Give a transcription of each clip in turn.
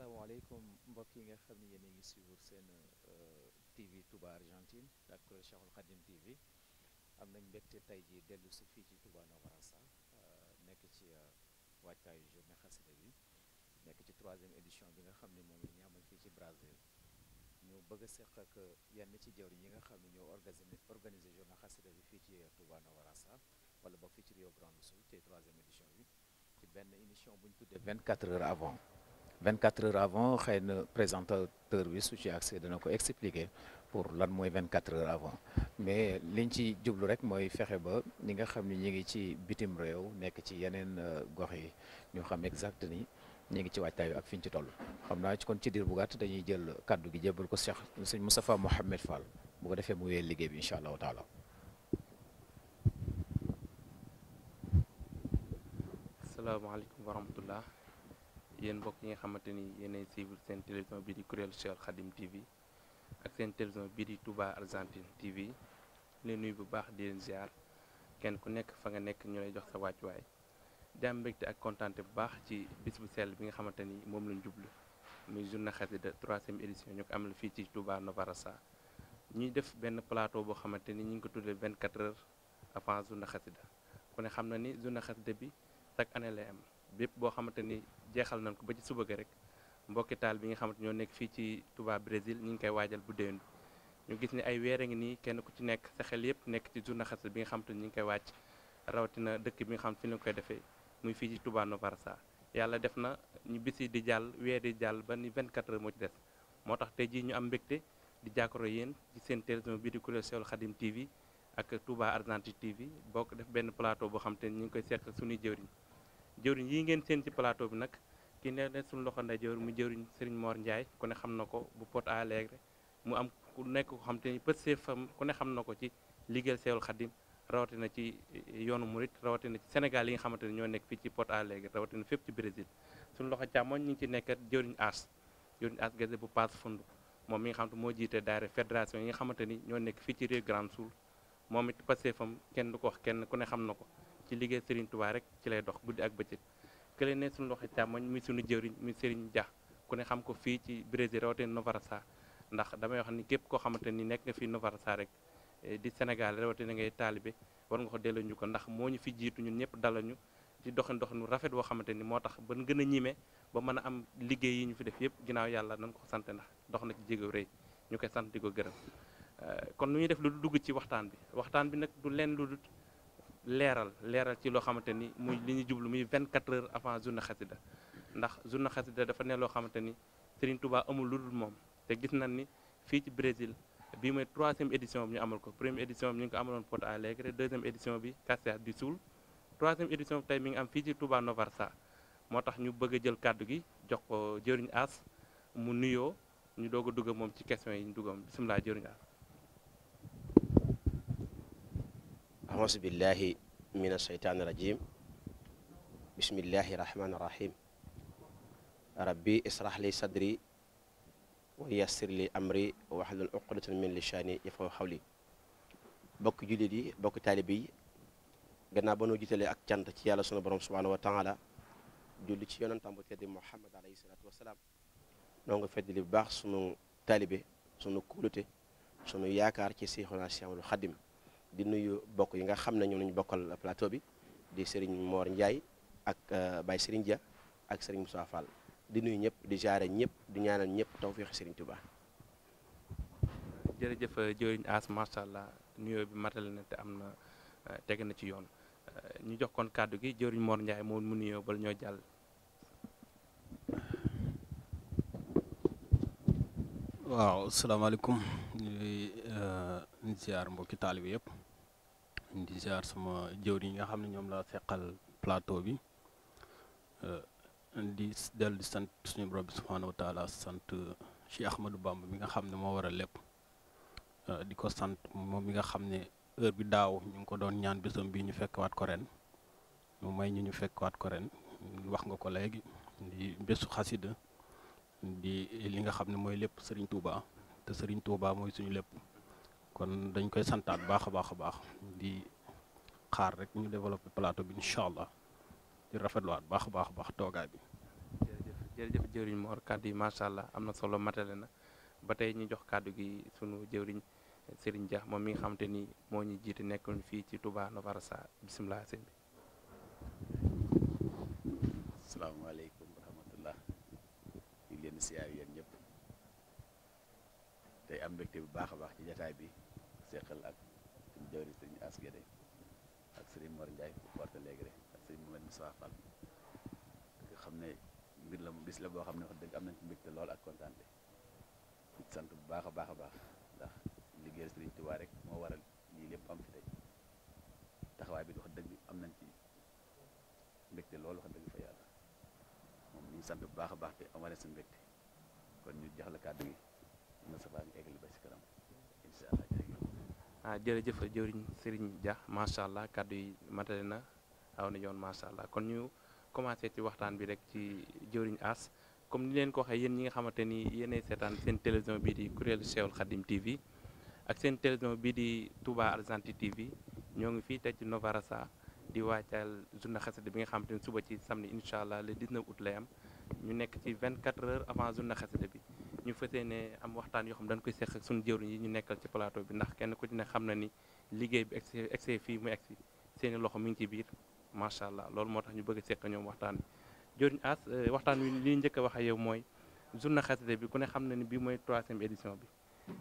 asalaamaaleykum mbokk yi nga xam ne yéen a ngi suivre seen euh, TV Touba Argentine ak Cheikhul Khadim TV am nañ mbégte tey jii dellu si fii ci Touba Nova Araçá euh, nekk ci euh, waajtaayu journée xasida bi nekk ci troisième édition bi nga xam ne moom la ñu amal fii ci Brazil ñu bëgg a seq yenn ci jawriñ yi nga xam ne ñoo organisé organisé journée xasida bi fii ci Touba Nova Araçá wala boog fii ci Rio Grande do Sul te troisième édition bi ci benn émission bu ñu tuddee 24 heures avant. quatre heures avant xëy na présentateur bi su ci accès dana ko expliquer pour lan mooy 24 heures avant mais liñ ci jublu rek mooy fexe ba ñi nga xam ni ñi ngi ci bitim réew nekk ci yeneen euh, gox yi ñu xam exact ni ñi ngi ci waajtaay ak fi ñu ci toll. xam naa ci kon ci diir bu gàtt dañuy jël kàddu gi jébbal ko Cheikh Sëñ Moustapha Mohamed Fall bu ko defee mu wéyal liggéey bi incha allahu taala. yéen mbokk yi nga xamante ni yéenay suivre seen télévision bii di kuréel Cheikh Khadim TV ak seen télévision bii di Touba Argentine TV leen nuyu bu baax di leen ziar kenn ku nekk fa nga nekk ñu lay jox sa wàccuwaay di am mbégte ak kontante bu baax ci bis bu sell bi nga xamante ni moom lañ jublu muy journée xasida troisième édition ñu ko amal fii ci Touba Nova Araça ñuy def benn plateau boo xamante ni ñu ngi ko tuddee vingt quatre heures avant journée xasida ku ne xam na ni journée xasida bi chaque boo xamante ni jeexal nañ ko ba ci suba ga rek mbokki taal bi nga xamante ñoo nekk fii ci Touba Brésil ñi ngi koy waajal bu déwén ñu gis ni ay weer a ngi nii kenn ku ci nekk sa xel yëpp nekk ci journée xasida bi nga xamante ni ñu ngi koy wàcc rawatina dëkk bi nga xam fi la koy defee muy fii ci Touba Nova Araçá yàlla def na ñu bisi di jàll weer di jàll ba ni 24 moo ci des moo tax tey jii ñu am mbégte di jàkkaro yéen ci seen télévision bii di kuréel Seexul Xadim TV ak Touba Argentine TV bokk def benn plateau boo xam te ñu ngi koy seq suñuy jëwriñ jëwriñ yi ngeen seen ci plateau bi nag ki ne ne suñu loxo ndeyjoor mu jëwriñ Serigne Mor Ndiaye ku ne xam na ko bu Pointe à l'Aigre mu am ku nekk ko xam te ni pëstee fam ku xam na ko ci liggéeyal Seexul Xadim rawatina ci eh, yoonu murit rawatina ci Sénégal yi nga xamante ne ñoo nekk fii ci Pointe à l'Aigre rawatina fépp ci Brésil suñu loxo càmmoñ ñu ngi ci nekkat jëwriñ As jëwriñ As Gazé bu Passe Fundu moom mi nga xam te moo jiite daare fédération yi nga xamante ni ñoo nekk fii ci Rio Grande Sul moom it kenn ko wax kenn ku ne xam na ko ci liggéey Serigne Touba rek ci lay dox guddi ak bëccëg kële ne suñu loxo càmmoñ muy suñu jëwriñ muy Serigne Dia ku ne xam ko fii ci Brésil rawatina Nova Araçá ndax damay wax ni képp koo xamante ni nekk nga fii rek eh, war nga ko delloo ñu ko ndax moo ñu fi jiitu ñun ñëpp dalal ñu ci doxin doxinu rafet boo xamante ni moo tax ba gën a ñime ba am liggéey yi ñu fi def yëpp ginnaaw yàlla nañ ko sant ndax dox na ci jéego rëy ñu koy sant di ko gërëm eh, waxtaan bi nag du leen lu dul leeral leeral ci loo xamante ni muy li ñu jublu muy 24 heures avant journée xasida ndax journée xasida dafa nee loo xamante ni Serigne Touba amul lu dul moom te gis nañ ni fii ci Brésil bii mooy troisième édition bi ñu amal ko première édition bi ñu ngi ko amaloon Porto Alegre deuxième édition bi Caxias do Sul troisième édition bi tey mi ngi am fii ci Touba Nova moo tax ñu bëgg a jël kàddu gi jox ko jëriñ As mu nuyoo ñu doog a dugg moom ci question yi ñu duggam bisimilah jëriñ As أعوذ بالله من الشيطان الرجيم بسم الله الرحمن الرحيم ربي اشرح لي صدري ويسر لي أمري واحلل عقدة من لساني يفقهوا قولي bokk jullit yi bokk taalibe yi gannaaw ba noo ak cant ci yàlla sunu borom subhaanahu wa taala julli ci yonentam bu tedd Muhammad alayhi salaatu wa salaam noo nga baax sunu taalibe sunu kóolute sunu yaakaar ci Seexuna Seexul Xadim di nuyu bokk yi nga xam ne ñoom ñu bokkal plateau bi di Serigne Mor Ndiaye ak euh, Baye sëriñ Dia ak Serigne Moussa Fall di nuyu ñëpp di jaare ñëpp di ñaanal ñëpp tawfeex Serigne Touba. jërëjëf euh, jëriñ As macha allah nuyoo bi matal na am na euh, teg na ci yoon ñu jox kon kàddu gi jëriñ Mor Ndiaye moo mu nuyoo bala ñoo jàll. waaw asalaamaaleykum. di ziar mbokki taalibe yëpp di ziar sama jëwri yi nga xam ne ñoom laa seqal plateau bi di dellu di sant suñu borom bi subhaanahu sant Cheikh Ahmadou Bamba mi nga xam ne moo waral lépp di ko sant moom mi nga xam ne heure bi daaw ñu ngi ko doon ñaan bésam bii ñu fekk waat ko ren mu may ñu ñu fekkwaat ko ren nga ko léegi di nga xam ne mooy lépp Serigne Touba te Serigne Touba mooy suñu lépp. kon dañ koy santaat baax a baax a baax di xaar rek ñu développé plateau bi incha allah di rafetluwaat baax a baax a baax toogaay bi. jërëjëf jërëjëf jëwriñ Mor kàddu yi macha allah am na solo matale na ba tey ñu jox kàddu gi sunu jëwriñ sëriñ Dia moom mi nga xamante ni moo ñu jiite nekkoon fii ci Touba Nova Araca bisimilah sëñ bi. asalaamaaleykum wa rahmatullah ñu ngi leen di siyaar yéen ñëpp tey am mbégte bu baax a baax ci jataay bi. seqal ak suñu jëwri sëriñ As Guédé ak sëriñ Mor njaay bu porte léegi rek ak sëriñ Mouhamed Moussa Fall nga xam ne mbir la bis la boo xam ne wax dëgg am nañ ci mbégte lool ak kontaante sant bu baax a baax a baax ndax liggéeyal sëriñ rek moo waral lii lépp am fi bi wax dëgg am nañ ci mbégte lool wax dëgg fa yàlla moom ñu sant bu baax a baax te amale sa mbégte kon ñu jox la kàddu gi na safaa nga eggali ba si kanam ah jërëjëf jëriñ Serigne Dia macha allah kàddu yi matale na aw na yoon macha allah kon ñu commencé ci waxtaan bi rek ci jëriñ As comme ni leen ko waxee yéen ñi nga xamante ni yéenay seetaan seen télévision bii di kuréelu Cheikhoul Khadim TV ak seen télévision bii di Touba Argentine TV ñoo ngi fii tey ci Novarasa di waajal journée xasida bi nga xamante ni suba ci samedi incha allah le dina août lay am ñu nekk ci vingt 24 heures avant journée xasida bi. ñu fas yéene am waxtaan yoo xam dañ koy seq ak suñu yi ñu nekkal ci plateau bi ndax kenn ku ci ne xam na ni liggéey bi egsi fii mu egsi seeni loxo mi ngi ci biir macha allah loolu moo tax ñu bëgg a seq ñoom waxtaan bi jëwriñ as euh, waxtaan wi li njëkk a wax ak yow mooy journée xasida bi ku ne xam na ni bi mooy troisième édition bi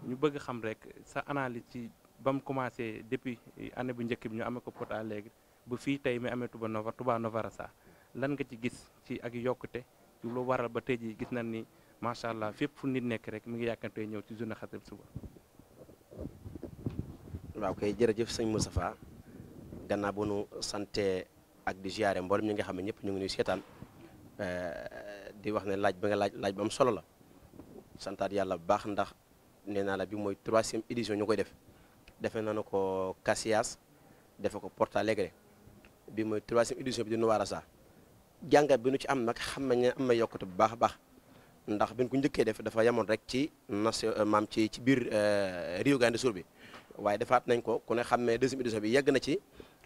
ñu bëgg xam rek sa analyse ci ba mu commencé depuis année bu njëkk bi ñu amee ko Porto Alegre ba fii tey mi amee Touba Nova Touba Nova Rassa lan nga ci gis ci ak yokkute lu gis nañ ni macha allah fépp fu nit nekk rek mu ngi yàkkantee ñëw ci journée xasida suba. waaw kay jërëjëf sëñ Moustapha gannaaw bu nu sante ak di ziare mboolem ñi nga xam ne ñëpp ñu ngi nuy seetaan eh, di wax ne laaj ba nga laaj laaj bu am solo la santaat yàlla bu baax ndax nee naa la bi mooy troisième édition ñu koy def defe nañu ko Casillas defee ko Porto Alegre bi mooy troisième édition bi di Nova sax jàngat bi nu ci am nag xam nañ ne am na yokkute bu baax a baax. ndax bin ku njëkkee def dafa yamoon rek ci nation euh, maam ci ci biir euh, Rio Grande do bi waaye defaat nañ ko ku ne xam ne deuxième édition bi yegg na ci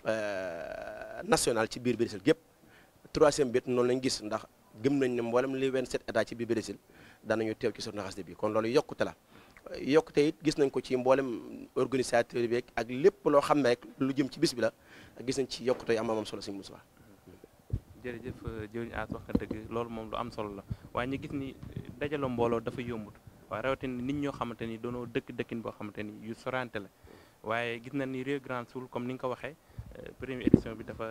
euh, national ci biir Brésil gépp troisième bi noonu lañ gis ndax gëm nañ ne mboolem li 27 état ci biir Brésil danañu teew ci sourna xasida bi kon loolu yokkute la yokkute it gis nañ ko ci mboolem organisateur bi ak lépp loo xam ne rek lu jëm ci bis bi la gis nañ ci yokkute am amam solo si Moussa jërëjëf euh, jëriñ aas wax nga dëgg loolu moom lu am solo la waaye ñu gis ni dajaloo mbooloo dafa yombut waaye rawatina nit ñoo xamante ni doonoo dëkk dëkkin boo xamante ni yu sorante la waaye gis na ni Rio Grande Sul comme ni nga ko waxee euh, première édition bi dafa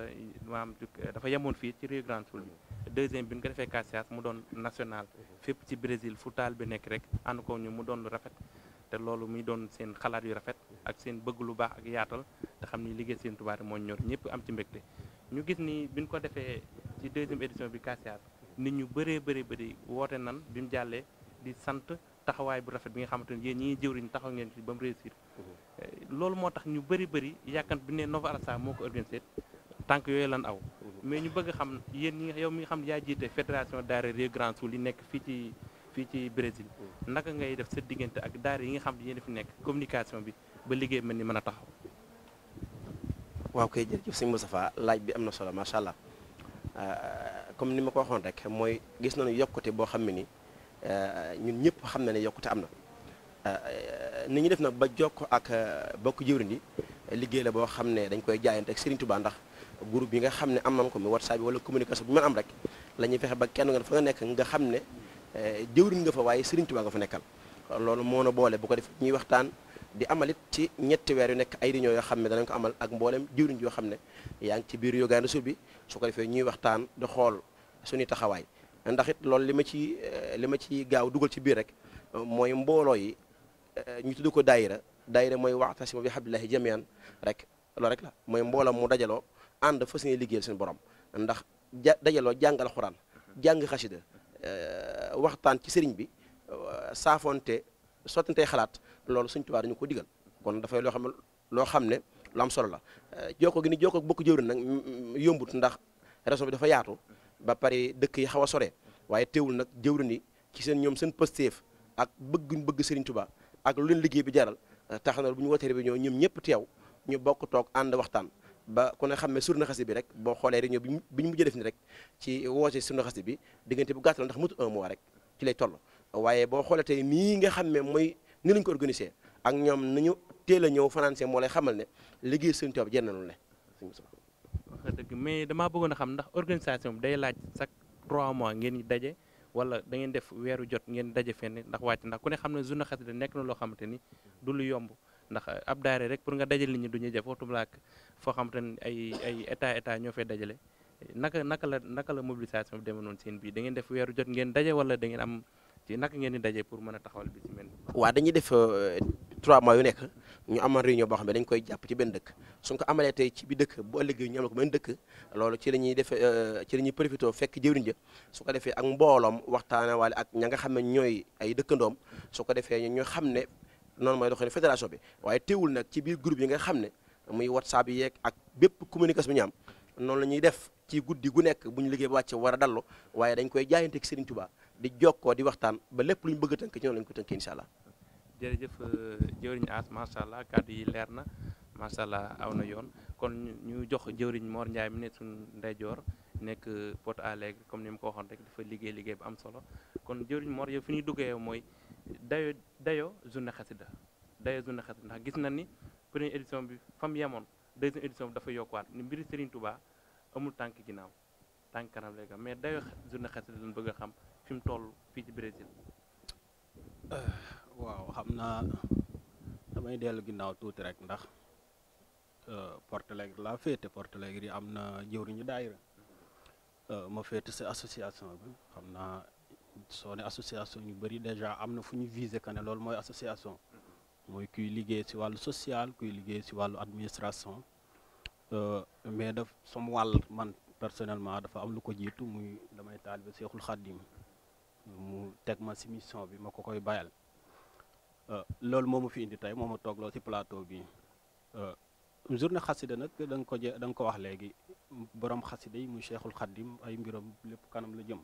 maam dafa yemoon fii ci Rio Grande Sul bi deuxième bi ñu ko defee Caxias mu doon national fépp ci Brésil fu taal bi nekk rek ànd ko ñu mu doon lu rafet te loolu muy doon seen xalaat yu rafet ak seen bëgg lu baax ak yaatal te xam ni liggéey seen moo ñor ñëpp am ci mbégte ñu ci deuxième édition bi Casiar nit ñu bëree bëri bëri woote nan bi mu jàllee di sant taxawaay bu rafet bi nga xamante ni yéen ñi jëwriñ taxaw ngeen ci ba mu réussir mhm. loolu moo tax ñu bëri bëri yàkkant bi ne Nova Araçá moo ko organisé tànk yooyu lan aw mhm. mais ñu bëgg xam yéen ñi yow mi nga xam ne yaa jiite fédération daara Rio Grande Sul yi nekk fii ci fii ci Brésil mhm. naka ngay def sa diggante ak daara yi nga xam ne yéen fi nekk communication bi ba liggéey mel ni mën a taxaw waaw kay jërëjëf sëñ Moustapha laaj bi am na solo macha allah Euh, comme ni ma ko waxoon rek mooy gis na nañu yokkute boo xam ne ni euh, ñun ñëpp xam na ne yokkute am na euh, ni ñu def nag ba jokk ak bokk jëwriñ yi liggéey la boo xam ne dañ koy jaayante ak Serigne Touba ndax groupe yi nga xam ne am nañ ko mi WhatsApp bi wala communication bu mën am rek la ñuy fexe ba kenn nga fa nga nekk nga xam ne jëwriñ nga fa waaye Serigne Touba nga fa nekkal loolu moo na boole bu ko def ñuy waxtaan di amalit ci ñetti weer yu nekk ay réunion yoo xam ne danañ ko amal ak mboolem jëwriñ yoo xam ne yaa ngi ci biir Yougane Rassoul bi su ko defee ñuy waxtaan di xool suñuy taxawaay ndax it loolu li ma ci eh, li ma ci gaaw dugal ci biir rek mooy mbooloo yi eh, ñu tudd ko daayira daayira mooy wa'tasimu bi hablillahi jami'an rek loolu rek la mooy mbooloo mu dajaloo ànd fas yéene liggéeyal suñu borom ndax ja dajaloo jàngal xuraan jàng xasida eh, waxtaan ci sëriñ bi saafonte sottantey xalaat loolu Sëñ Tuubaa dañu ko digal kon dafay loo xam ne loo xam ne lu solo la eh, jokko gi ni jokko bokk jëwriñ nag mm, mm, yombut ndax réseau bi dafa yaatu ba pare dëkk yi xaw a sore waaye teewul nag jëwriñ yi ci seen ñoom seen pësteef ak bëgguñ bëgg Sëriñ tubaa ak lu leen liggéey bi jaral eh, tax bu ñu wootee bi ñoo ñoom ñëpp teew ñu bokk toog ànd waxtaan ba ku ne xam ne surna xasi bi rek boo xoolee réunion bi ñu mujj def ni rek ci woote surna xasi bi diggante bu gàttal ndax mutu un mois rek ci lay toll waaye boo xoolee tey nii nga xam ne mooy ni lañ ko organisé ak ñoom nu ñu teel a ñëw financé moo lay xamal ne liggéey sëñ Tuubaa jenn lu na wax dëgg mais damaa bëggoon a xam ndax organisation bi day laaj chaque trois mois ngeen di daje wala da ngeen def weeru jot ngeen daje fenn ndax wàcc ndax ku ne xam ne journée xasida nekk na loo xamante ni du lu yomb. ndax ab daare rek pour nga dajale nit ñi du ñu jëf waxtu foo xam te ne ay ay état état ñoo fay dajale naka naka la naka la mobilisation bi demee noonu seen bii ngeen def weeru jot ngeen daje wala da ngeen am ci naka ngeen di daje pour mën a taxawal bis yu mel waaw dañuy def euh, trois mois yu nekk ñu amal réunion boo xam ne dañ koy jàpp ci benn dëkk suñ ko tey ci bi dëkk bu ëllëgee ñu ko benn dëkk loolu ci la ñuy euh, ci la ñuy profité fekk jëwriñ su ko defee ak mbooloom waxtaane waale ak ña nga xam ne ñooy ay dëkkandoom su ko defee ñoo xam ne noonu mooy doxee fédération bi waaye teewul nag ci biir groupe yi nga xam ne muy whatsapp yi yeeg ak bépp communication bi ñu am noonu la ñuy def ci guddi gu nekk bu ñu liggéey ba wàcce wara a dallu waaye dañ koy jaayanteek Serigne Touba di jokkoo di waxtaan ba lépp lu ñu bëgg tënk ci noonu la ko tënkee incha allah. jërëjëf euh, jëwriñ As macha allah kàddu yi leer na macha allah aw na yoon kon ñu jox jëwriñ moor Ndiaye mu ne suñu ndeyjoor nekk pot à l'Aiguille comme ni mu ko waxoon rek dafa liggéey liggéey bu am solo kon jëwriñ Mor yow fi ñuy duggee mooy dayo dayo journée xasida dayo journée xasida ndax gis na ni première édition bi fam yemoon deuxième édition bi dafa yokkuwaat ni mbiri Serigne Touba amul tànk ginnaaw tànk kanam léegi mais dayo journée xasida lañ bëgg a xam fi mu toll fii ci euh, waaw xam naa damay dellu ginnaaw tuuti rek ndax euh, Porto Alegre laa féete Porto Alegre yi am na jëwriñu daayira euh, ma féete si association bi xam naa soo ne association ñu bëri déjà am na fu ñu visé que ne loolu mooy association mooy kuy liggéey si wàllu social kuy liggéey si wàllu administration mais daf sama wàll man personnellement dafa am lu ko jiitu muy damay taalibe Seexul Xaddim mu teg ma si mission bi ma ko koy bayal euh, loolu moo ma fi indi tey moom ma toogloo si plateau bi euh, journée xasida nag da nga ko je da nga ko wax léegi borom xasida yi mu Cheikhul Khadim ay mbiram lépp kanam la jëm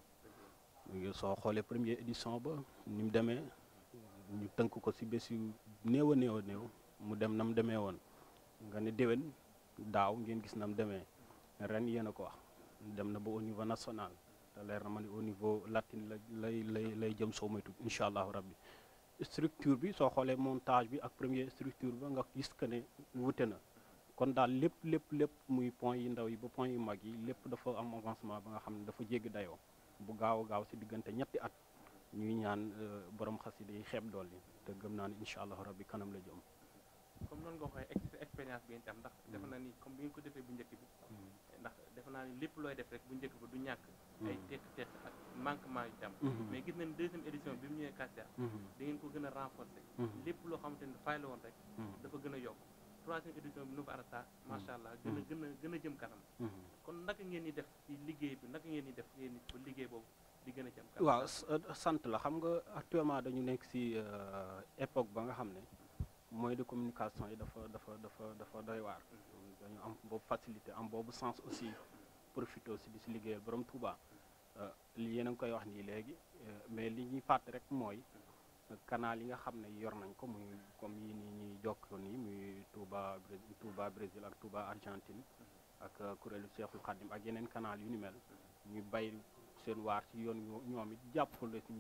soo xoolee premier édition ba ni mu demee ñu tënk ko si bés yu néew a néew mu dem na mu demee woon nga ne déwén daaw ngeen gis na mu demee ren yéen ko wax dem na ba au niveau national te leer na ma ne au niveau latin la lay lay lay jëm soo moytu incha allahu rabbi structure bi soo xoolee montage bi ak première structure ba nga gis que ne wute na kon daal lépp lépp lépp muy point yi ndaw yi ba point yu mag yi lépp dafa am avancement ba nga xam ne dafa jéggi dayoo bu gaaw gaaw si diggante ñetti at ñuy ñaan euh, borom xasida yi xeeb dool yi te gëm naa ne incha allahu rabbi kanam la jëm. comme noonu nga waxee expérience bi itam ndax. defe nga ko defee bu njëkk hmm. ndax defe naa ni lépp looy def rek bu njëkk ba du ñàkk mm-hmm. ay tekk-tekk ak manquement yu mm-hmm. mais gis nañ deuxième édition bi mu ñëwee Kasia mm-hmm. da ko gën a renforcer lépp loo xamante ni fay la woon rek dafa gën a yokk troisième édition bi Nouveau Arata macha allah gën a gën a jëm kanam kon naka ngeen di def ci liggéey bi naka ngeen di def ngeen di ba liggéey boobu di gën a jëm kanam waaw euh, sant la xam nga actuellement dañu nekk si euh, époque ba nga xam ne mooy de communication yi dafa dafa dafa dafa doy waar dañu am boobu facilité am boobu sens aussi profité aussi di si liggéeyal borom Touba euh, li yéen a ngi koy wax nii léegi euh, mais li ñuy fàtte rek mooy kanaal yi nga xam ne yor nañ ko mu comme yi ni ñuy jokkoo nii muy Touba Touba Brésil ak Touba Argentine ak euh, kuréelu Cheikhul Khadim ak yeneen kanaal yu ni mel ñu bay seen waar ci yoon ñoom it jàppale si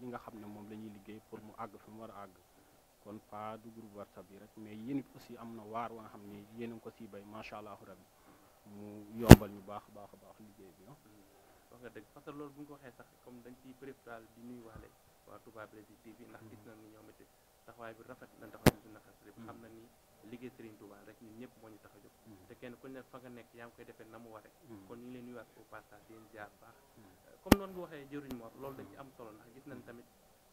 yi nga xam ne moom la ñuy liggéey pour mu àgg fi mu war a àgg kon pas du groupe WhatsApp bi rek mais yéen it aussi am na waar wa nga xam ne yéen a ko siy bay macha allah rabbi mu yombal ñu baax a baax a baax liggéey bi ah. Mm. wax nga dëgg parce que loolu bu ñu waxee sax comme dañ ciy préparer di nuyuwaale waa Touba Brésil TV ndax mm. gis nañ ni ñoom it taxawaay bi rafet na taxawaay bi naqar bi mm. xam na ni liggéey Serigne Touba rek ñun ñëpp moo ñu tax a jóg te kenn ku ne fa nga nekk yaa ngi koy defee na mu waree kon ñu leen nuyuwaat au passage di leen ziar waxee jëriñ Mor loolu dañ ci am solo ndax gis nañ tamit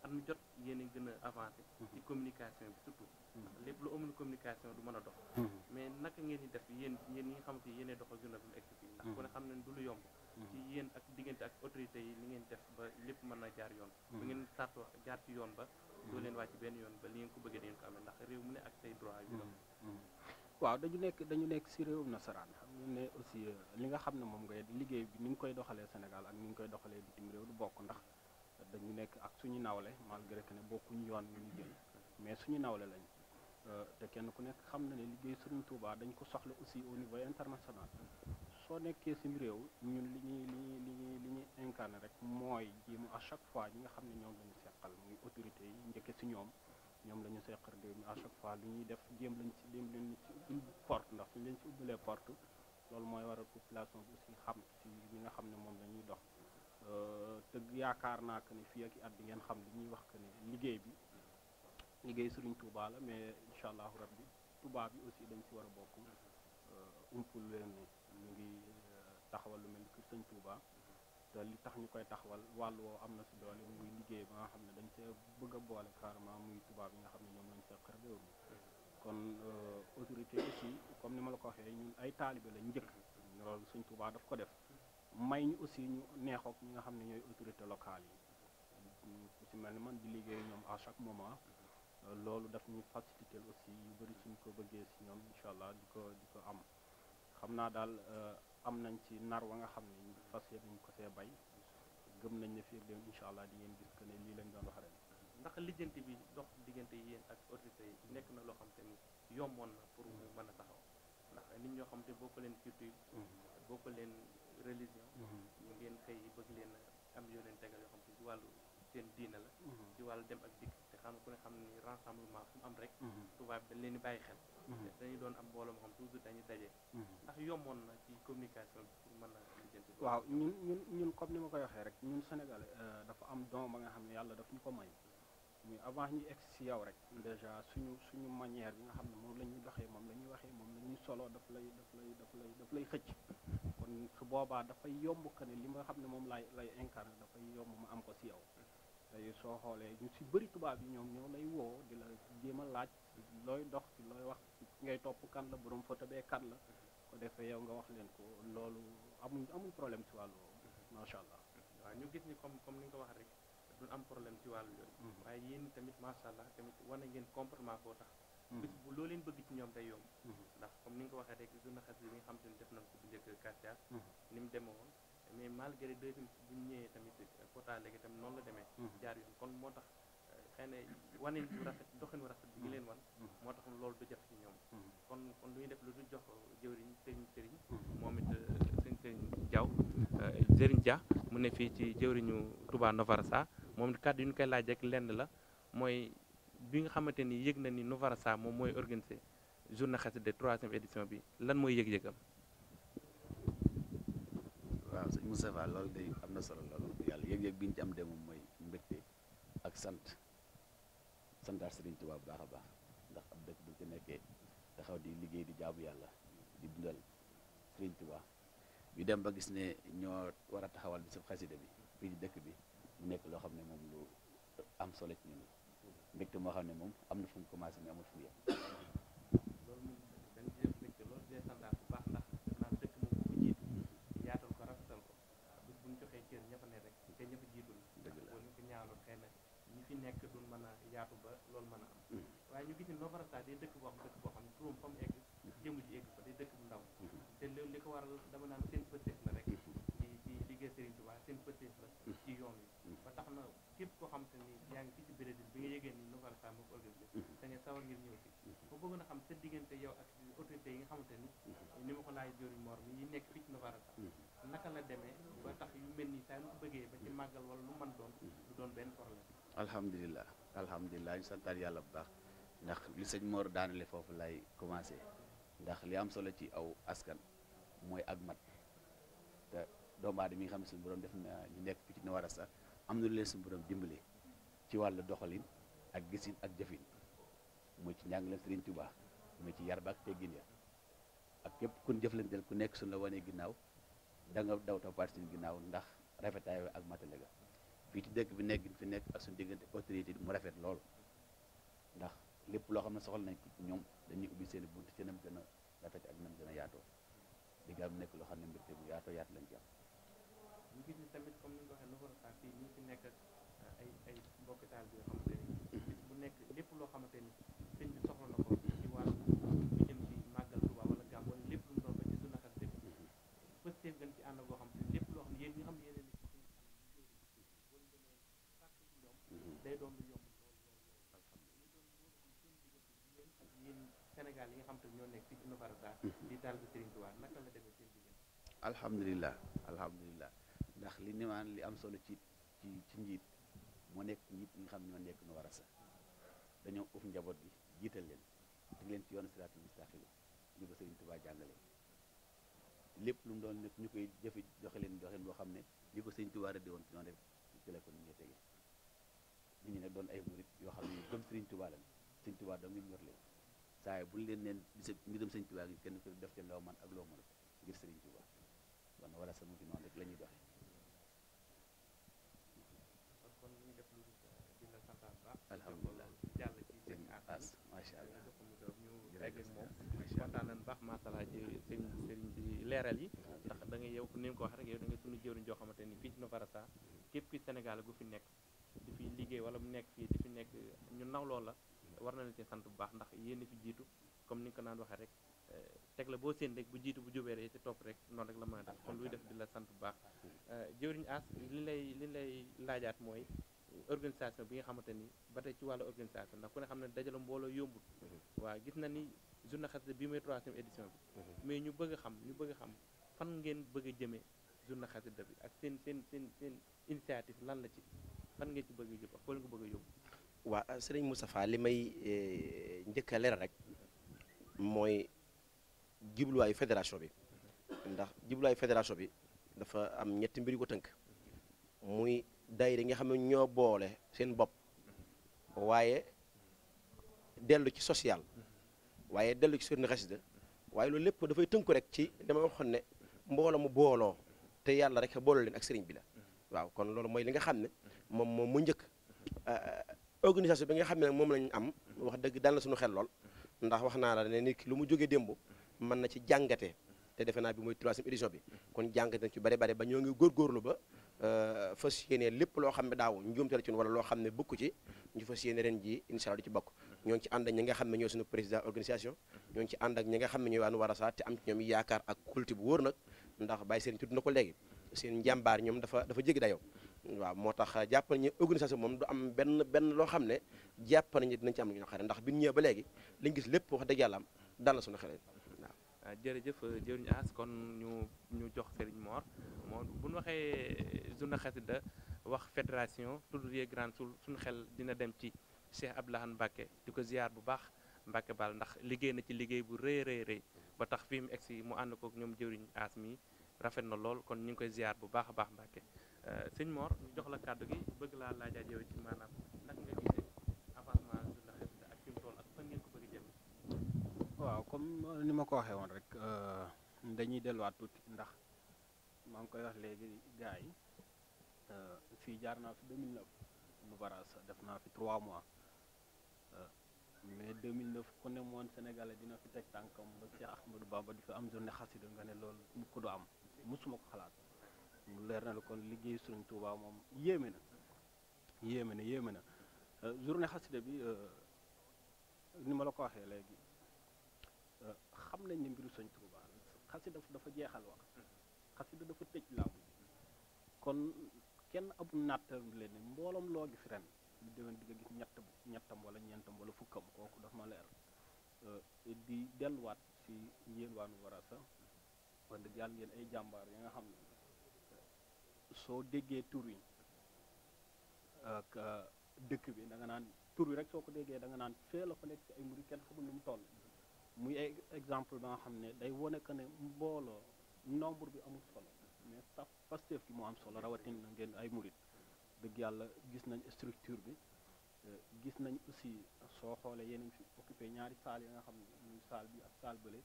am na jot yéen a gën a avancé ci mhm. communication bi surtout mhm. lépp lu amul communication du mën a dox mhm. mais naka ngeen di def yéen yéen ñi ni yéenee doxal journalisme exécutif yi ndax ku ne xam ne du lu yomb ci yéen ak diggante ak autorité yi ni ngeen def ba lépp mën a jaar yoon bu ngeen sartoo jaar ci yoon ba doo leen wàcc benn yoon ba li ngeen ko bëggee da ngeen ko amee ndax réew mu ne ak say droit yu waaw dañu nekk dañu nekk si réewum nasaraan xam ne aussi euh, li nga xam ne moom ngay liggéey bi ni ngi koy doxalee Sénégal ak ni ñu koy doxalee bitim réew bokk ndax dañu nekk ak suñu nawle malgré que ne bokkuñu yoon ñu liggéey mais suñu nawle lañ euh, te kenn ku nekk xam na ne liggéey Serigne Touba dañu ko soxla aussi au niveau international soo nekkee si réew ñun li ñuy li li ñuy li ñuy incarné rek mooy jéem à chaque fois ñi nga xam ne ñoom ñu seqal muy autorité yi njëkke si ñoom ñoom lañu ñu seqal réew à chaque fois li ñuy def jéem lañ ci ubbi porte ndax suñ leen ci ubbilee porte loolu mooy waral population bi aussi xam si li nga xam ne moom la ñuy dox Euh, tëgg yaakaar naa que ne fii ak i at bi ngeen xam li ñuy wax que ne liggéey bi liggéey Serigne Touba la mais incha allahu rabbi Touba bi aussi dañ si war a bokk umpul leen ñu ngi euh, taxawal lu mel ni kër Serigne Touba te li tax ñu koy taxawal wàll woo am na si doole muy liggéey ba nga xam ne dañ see bëgg a boole carrément muy Touba bi nga xam ne ñoom lañ see xar réew mi kon euh, autorité aussi comme ni ma la ko waxee ñun ay taalibe lañ njëkk loolu Serigne Touba daf ko def may ñu aussi ñu neexook ñi nga xam ne ñooy autorités locale yi ku ci mel man di liggéey ñoom à chaque moment loolu daf ñu facilité aussi yu bëri suñ ko bëggee si ñoom incha allah di ko di ko am xam naa daal euh, am nañ ci nar wa nga xam ne fas yéene nañ ko see bay gëm nañ ne fiir dem incha allah di ngeen gis que ne lii lañ doon wax ren ndax lijjanti bi dox diggante yéen ak autorité yi nekk na loo xam te ni yomboon na pour mu mën a taxaw ndax nit ñoo xam te leen culture mm-hmm. religion ñu mhm. ngeen xëy bëgg leen am yoo leen tegal yoo xam te ci wàllu seen diina la ci mhm. wàllu dem ak dikk te xam ku ne xam ni rassemblement fu mu am rek tubaab mhm. dañ leen di bàyyi xel dañu doon am mbooloo moo xam toujours dañuy daje ndax yomboon na ci communication bi pour mën a lijjanti waaw ñun ñun comme ni ma koy waxee rek ñun Sénégal euh, dafa am don ba nga xam ne yàlla daf ñu ko may mais avant ñu egg si yow rek déjà suñu suñu manière bi nga xam ne moom la ñuy doxee moom la ñuy waxee moom la ñuy soloo daf lay daf lay daf lay daf lay xëcc kon su boobaa dafay yomb que ne li ma xam ne moom lay lay incarné dafay yomb ma am ko si yow tey soo xoolee ñu si bëri tubaab yi ñoom ñoo lay woo di la jéem a laaj looy dox ci looy wax ngay topp kan la borom photo bee kan la ko defee yow nga wax leen ko loolu amuñ amuñ problème si wàllu macha allah. waaw ñu gis ni comme comme ni nga ko wax rek. duñ am problème ci wàllu yooyu mhm. waaye yéen tamit macha allah tamit war na ngeen comportement koo tax mhm. bis bu loo leen bëgg ci ñoom day yomb mhm. ndax comme ni nga ko waxee rek duna xas li nga xam te ne def nañ ko bu njëkk quartier ni mu demee woon mais malgré deuxième bu ñu ñëwee tamit euh, quota léegi tamit noonu la demee jaar yoon kon moo tax euh, xëy na wanin bu rafet doxin bu rafet bu ngi leen wan moo tax loolu du jëf ci ñoom kon kon lu ñu def lu du jox jëwriñ sëriñ sëriñ moom it euh, sëriñ sëriñ Diaw sëriñ Dia mu ne fii ci jëwriñu Touba Novarasa moom kàddu yu ñu koy laaj rek lenn la mooy bi nga xamante ni yëg na ni nu saa moom mooy organiser journée xasida troisième édition bi lan mooy yëg-yëgam. waaw sëñ Moustapha loolu day am na solo loolu yàlla yëg-yëg bi ñu ci am de moom mooy mbégte ak sant santaat Sëriñ Tuubaa bu baax a baax ndax ab dëkk bu ci nekkee taxaw di liggéey di jaabu yàlla di dundal Sëriñ Tuubaa bi dem ba gis ne ñoo war a taxawal bi si xasida bi fii ci dëkk bi. mu nekk loo xam ne moom lu am solo ci ñun mbégte moo xam ne moom am na fu mu commencé mais amul fu mu yem waaye ñu gis ne Novarata day dëkk boo xam dëkk boo xam ne turam fa mu egg jëmu ji egg fa day dëkk mu ndaw hmm. te loolu li ko waral dama naan seen pëtëf la rek liggéey Serigne Touba seen pëtëf la mm. ci yoon yi mm. ba tax na képp koo xam te ni yaa ngi fii ci Brésil bi nga yégéen ni Novara Sam moo ko organisé da mm-hmm. nga sawar ngir ñëw si mm-hmm. ba bëggoon a xam sa diggante yow ak autorité yi nga xamante ni mm-hmm. ni ma ko laaj Diori moor mi ñi nekk fii ci a Sam naka la demee ba tax yu mel nii saa mu ko bëggee ba ci màggal wala lu man doon du doon benn problème alhamdulilah alhamdulilah ñu santaat yàlla bu baax ndax li sëñ Mor daanale foofu lay commencé ndax li am solo ci aw askan mooy ak doomu aadama yi nga xam ne suñu borom def na ñu nekk fi ci ne war a sax am na lu leen suñu borom ci wàllu doxalin ak gisin ak jëfin muy ci njàngale Sëriñ Tuubaa muy ci yar yarba ak teggin ya ak képp kun jëflanteel ku nekk suñu la wanee ginnaaw da nga daw toppaat seen ginnaaw ndax rafetaay ak matale ga fii ci dëkk bi nekk fi nekk ak suñu diggante autorité mu rafet lool ndax lépp loo xam ne soxla nañ ko ci ñoom dañuy ubbi seen bunt ci nam gën a rafet ak gën a yaatoo di gam nekk loo xam ne mbir te bu yaatoo lañ ci gis ni tamit comme ni nga waxee Nouveau Rafah fii ñu nekk ay ay mbokk taal bu nekk lépp loo xamante ni sëñ bi soxla na ko ci wàllu ñu jëm ci màggal Tuubaa wala gàmm wala lépp lu doon ba ci sunna ak lépp pësteef gën ci ànd goo xam ne lépp loo xam ne yéen ñi xam ne yéen mhm. day doon lu yomb loolu Sénégal yi nga xam te ñoo nekk ci Nouveau Rafah mhm. di taal bi Sëriñ Tuubaa naka la demee seen diggante alhamdulilah alhamdulilah li newaan li am solo ci ci ci njiit moo nekk njiit ñi nga xam ñoo nekk nu war a sa dañoo uf njaboot bi jiital leen teg leen ci yoonu siraatul mustaqim ñu ko Sëriñ Tuubaa jàngale lépp lu mu doon nekk ñu koy jëfe joxe leen doxeen boo xam ne li ko Sëriñ Tuubaa rëdde woon ci noonu la ko ni ñu tege nit ay murit yoo xam ne comme Sëriñ Tuubaa lañ Sëriñ Tuubaa dong ñu ñor leen saa yi bu ñu leen neen bisa mbirum Sëriñ Tuubaa gi kenn ko def ca loo man ak loo mënul ngir Sëriñ Tuubaa kon wala sa mu ngi noonu la ñuy doxe alhamdulilah jàll ci sëñ Atas macha allah egg moom waxtaan nañ baax maasala ci sëñ sëñ bi leeral yi ndax da nga yow ni nga ko wax rek yow da nga sunu jëriñ joo xamante ni fii ci Novarata képp ki Sénégal gu fi nekk di fi liggéey wala mu nekk fii di fi nekk ñu naw lool la war na la ci sant bu baax ndax yéen fi jiitu comme ni nga ko naan waxee rek eh, teg la boo séen rek bu jiitu bu jubee rek ci topp rek noonu rek la mën a def kon luy def di la sant bu baax eh, jëriñ As li lay li lay laajaat mooy organisation bi nga xamante ni ba tey ci wàllu organisation ndax ku ne xam ne dajale mbooloo yombul. Mm-hmm. waaw gis na ni journée xasida bii mooy troisième édition bi. Mm-hmm. mais ñu bëgg xam ñu bëgg xam fan ngeen bëgg jëme jëmee na xasida bi ak seen seen seen seen initiative lan la ci fan ngeen ci bëgg a jëm ak bëgg a yóbbu. waaw ah, sëriñ Moustapha li may eh, njëkk a leer rek mooy jubluwaayu fédération bi mm-hmm. ndax jubluwaayu fédération bi dafa am ñetti mbir yu ko tënk muy. daayira nga xam ne ñoo boole seen bopp waaye dellu ci social waaye dellu ci seen xasida waaye loolu lépp dafay tënku rek ci dama waxoon ne mbooloo mu booloo te yàlla rek booloo leen ak sëriñ bi la waaw kon loolu mooy li nga xam ne moom moom mu njëkk euh, organisation bi nga xam ne moom lañu am wax dëgg dal na suñu xel lool ndax wax naa la ne nit ki lu mu jógee démb mën na ci jàngatee te defe naa bi muy troisième édition bi kon jàngate ci bari bari ba ñoo ngi góorgóorlu ba Euh, fas yéene lépp loo xam ne daaw njuumte la ci wala loo xam ne bokku ci ñu fas yéene ren ji incha allah ci bokk ñoo ngi ci ànd ak ñi nga xam ne ñoo suñu président organisation ñoo ngi ci ànd nga xam ne ñooy waan warasa te am ci ñoom yaakaar ak kulti bu wóor nag ndax bàyyi seen tudd na ko léegi seen njàmbaar ñoom dafa dafa jéggi dayoo waaw moo tax jàpp nañu organisation moom du am benn benn loo xam ne jàpp nañu dinañ ci am lu ñu xare ndax bi ñëwee ba léegi liñ gis lépp wax dëgg yàlla am dal na suñu Euh, jërëjëf euh, jëriñ as kon ñu ñu jox sëriñ Mor moo bu ñu waxee journée xasida wax fédération tudd yee grand sul suñu xel dina dem ci Cheikh Abdoulahan Mbacke di ko ziar bu baax Mbacke Bal ndax liggéey na ci liggéey bu rëy rëy ba tax fi mu egg si mu ànd kook ñoom jëriñ as mi rafet na lool kon ñu ngi koy ziar bu baax a baax Mbacke euh, sëñ moor ñu jox la kàddu gi bëgg laa laajaa yow ci maanaam waaw comme euh, ni ma ko waxee woon rek euh, dañuy delluwaat tuuti ndax maa ngi koy wax léegi gars yi euh, fii jaar naa fi 2009 lu baras def naa fi 3 mois mais 2009 ku ne moon Sénégalais dina fi teg tànkam ba du baa Bamba di fi am journée xasida nga ne loolu mu ko du am mosuma ko xalaat mu leer na la kon liggéey Sëriñ Tuubaa moom yéeme na yéeme na yéeme na journée xasida bi ni ma la ko waxee léegi xam nañ ne mbiru sëñ Touba xasida dafa jeexal wax xasida dafa tëj làmb kon kenn abu nattam leen ni mbooloom loo gis ren lu déwén di nga gis ñett ñettam wala ñeentam wala fukkam kooku dafa ma leer di delluwaat ci yéen waanu war a sax ngeen ay jàmbaar yi nga xam ne soo déggee tur yi dëkk bi da nga naan tur yi rek soo ko déggee danga naan fee la fa nekk ci ay mbir kenn xamul nu mu toll muy ay exemple ba nga xam ne day wane que ne mbooloo nombre bi amul solo mais staff Pastef bi moo am solo rawatina ngeen ay murit dëgg yàlla gis nañ structure bi euh, gis nañ aussi soo xoolee yéen a ngi fi occupé ñaari saal yi nga xam ne saal bi ak saal bële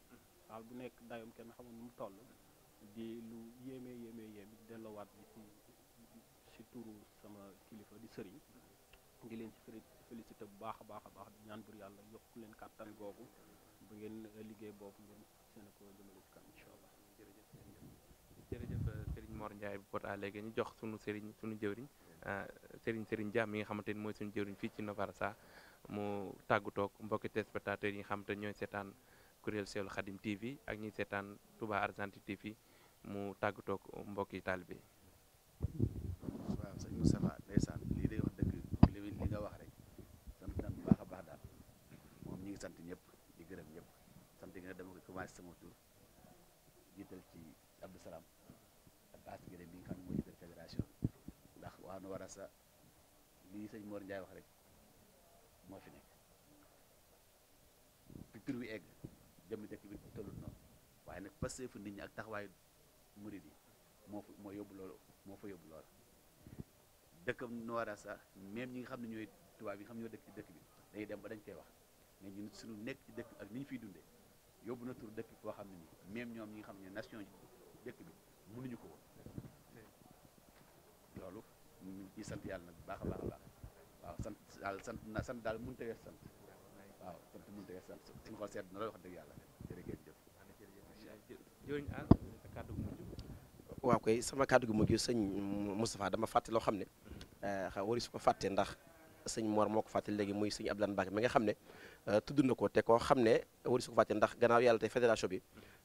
saal bu nekk dayoom kenn xamul nu mu toll di lu yéemee yéemee yéem delloowaat bi ci si turu sama kilifa di sëriñ di leen ci félicité bu baax a baax a baax di ñaan bur yàlla yokk leen kàttan googu bu ngeen euh, liggéey boobu ngeen seen ko jëmale ci kanam incha allah jërëjëf jërëjëf euh, Serigne Mor Ndiaye bu Potat léegi ñu jox sunu Serigne sunu jëwriñ euh, Serigne Serigne Dia mi nga xamante ni mooy suñu jëwriñ fii ci Novarasa mu tàggutoog mbokki téléspectateurs yi nga xamante ni ñooy seetaan kuréel Seelu Xadim TV ak ñuy seetaan Touba Argentine TV mu tàggutoog mbokki taalibe waaw sëñ Moustapha léegi nag dama koy commencé sama tur jiital ci Abdou Salam ak as bi nga xam ne moo jiital fédération ndax waa na war a sa lii sañ Mor Ndiaye wax rek moo fi nekk fi tur wi egg jëm dëkk bi tollut noonu waaye nag passé fu nit ñi ak taxawaayu murid yi moo fa moo yóbbu loolu moo fa yóbbu loolu dëkkam noora sa même ñi nga xam ne ñooy tubaab yi nga xam ne ñoo dëkk ci dëkk bi dañuy dem ba dañ koy wax mais ñun suñu nekk ci dëkk ak ni ñu fiy dundee yóbbu na tur dëkk koo xam ne nii même ñoom ñi nga xam ne nation yi dëkk bi mënuñu ko woon loolu ñu sant yàlla nag baax baax a baax waaw sant sant na sant daal mënut a wees sant waaw sant mënut a wees na dëgg yàlla jërëjëf jëf sama kàddu gu mujj sëñ Moustapha dama fàtte loo xam ne mm-hmm. euh, xaw su ko fàttee ndax sëñ Mor moo ko fàttali léegi muy sëñ Abdoulaye Mbacke mi nga xam ne euh, tuddu na ko te koo xam ne wari su ko fàtte ndax gannaaw yàlla tey fédération bi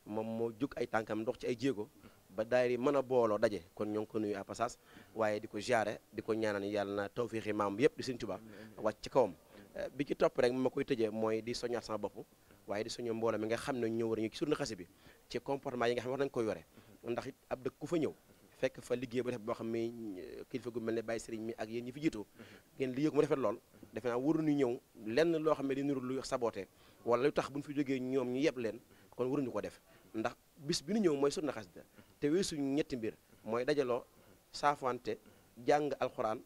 moom moo jug ay tànkam ndox ci ay jéego ba daayri mën a booloo daje kon ñoo ko nuyu à passage waaye di ko jaare di ko ñaanal yàlla na tawfiixi maam yëpp di sëñ Tuubaa wàcc ci kawam euh, bi ci topp rek ma koy tëjee mooy di soññaat sama bopp waaye di soñño mbooloo mi nga xam ne ñëw war ñu ci surna xase bi ci comportement yi nga xam war nañ ko yore ndax it ab dëkk ku fa ñëw fekk fa liggéey ba def boo xam ne eh, kilifa gu mel ne Baye Serigne mi ak yéen ñi fi jiitu mm-hmm. ngeen liggéey ko mu rafet lool defe naa waruñu ñëw lenn loo xam ne di nuru lu saboté wala lu tax buñu fi jógee ñoom ñu yeb leen kon waruñu ko def ndax bis bi ñu ñëw mooy sunna xasida mm-hmm. te weesuñu ñetti mbir mooy dajaloo saafante jàng alxuraan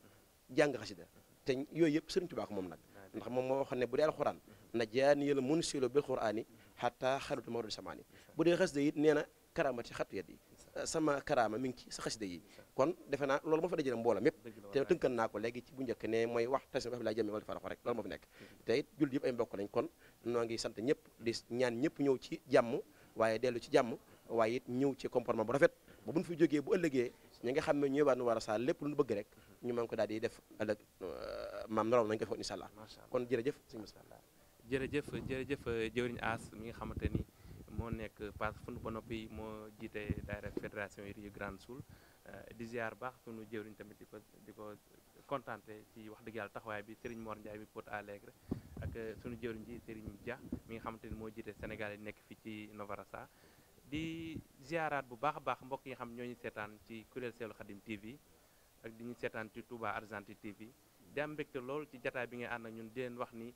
jàng xasida te yooyu yëpp Serigne Touba ko moom nag ndax moom moo xam ne bu dee alxuraan mm-hmm. na jaani yàlla mun silo bil xuraani xataa xalutu ma du samaani bu dee xasida it nee na karamati xatu yat yi sama karaama mi ngi ci sa xasida yi kon defe naa loolu moo fa dajale mboolam yépp te tënkan naa ko léegi ci bu njëkk ne mooy wax tasi ba fi laa jëmee moo fi nekk te it jul yëpp ay kon noo ngi sant ñëpp di ñaan ñëpp ñëw ci jàmm waaye dellu ci jàmm waaye it ñëw ci comportement bu rafet ba buñ fi jógee bu ëllëgee ñi nga xam ne ñooy waanu war a saa lépp lu ñu bëgg rek ñu mën ko daal di def ëllëg euh, maam noroom nañ ko fo insha allah kon jërëjëf sëñ Moussa jërëjëf jërëjëf i As mi nga xamante ni moo nekk passe fu ba noppi moo jiite daayira fédération yi Rio Grande Sul euh, di ziar baax sunu jëwriñ tamit di ko di ko contenté ci wax dëgg yàlla taxawaay bi Serigne Mor Ndiaye mi Porto Alegre ak euh, sunu jëwriñ ji Serigne Dia mi nga xamante ni moo jiite Sénégal yi nekk fii ci Novarasa di ziaraat bu baax a baax mbokk yi xam ñoo ñu seetaan ci kuréel Seelu Xadim TV ak di ñu seetaan ci Touba Argentine TV di am mbégte lool ci jataay bi nga ànd ak ñun di leen wax ni.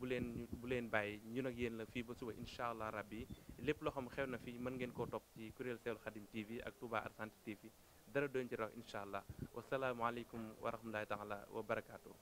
bu leen bu leen bàyyi ñun ak yéen la fii ba suba incha allah rabbi lépp loo xam xew na fii mën ngeen koo topp ci kuréel Seexul Xadim TV ak Touba Argentine TV dara doon ci raw incha allah wasalaamualeykum wa rahmatulahi taala wa barakaatu.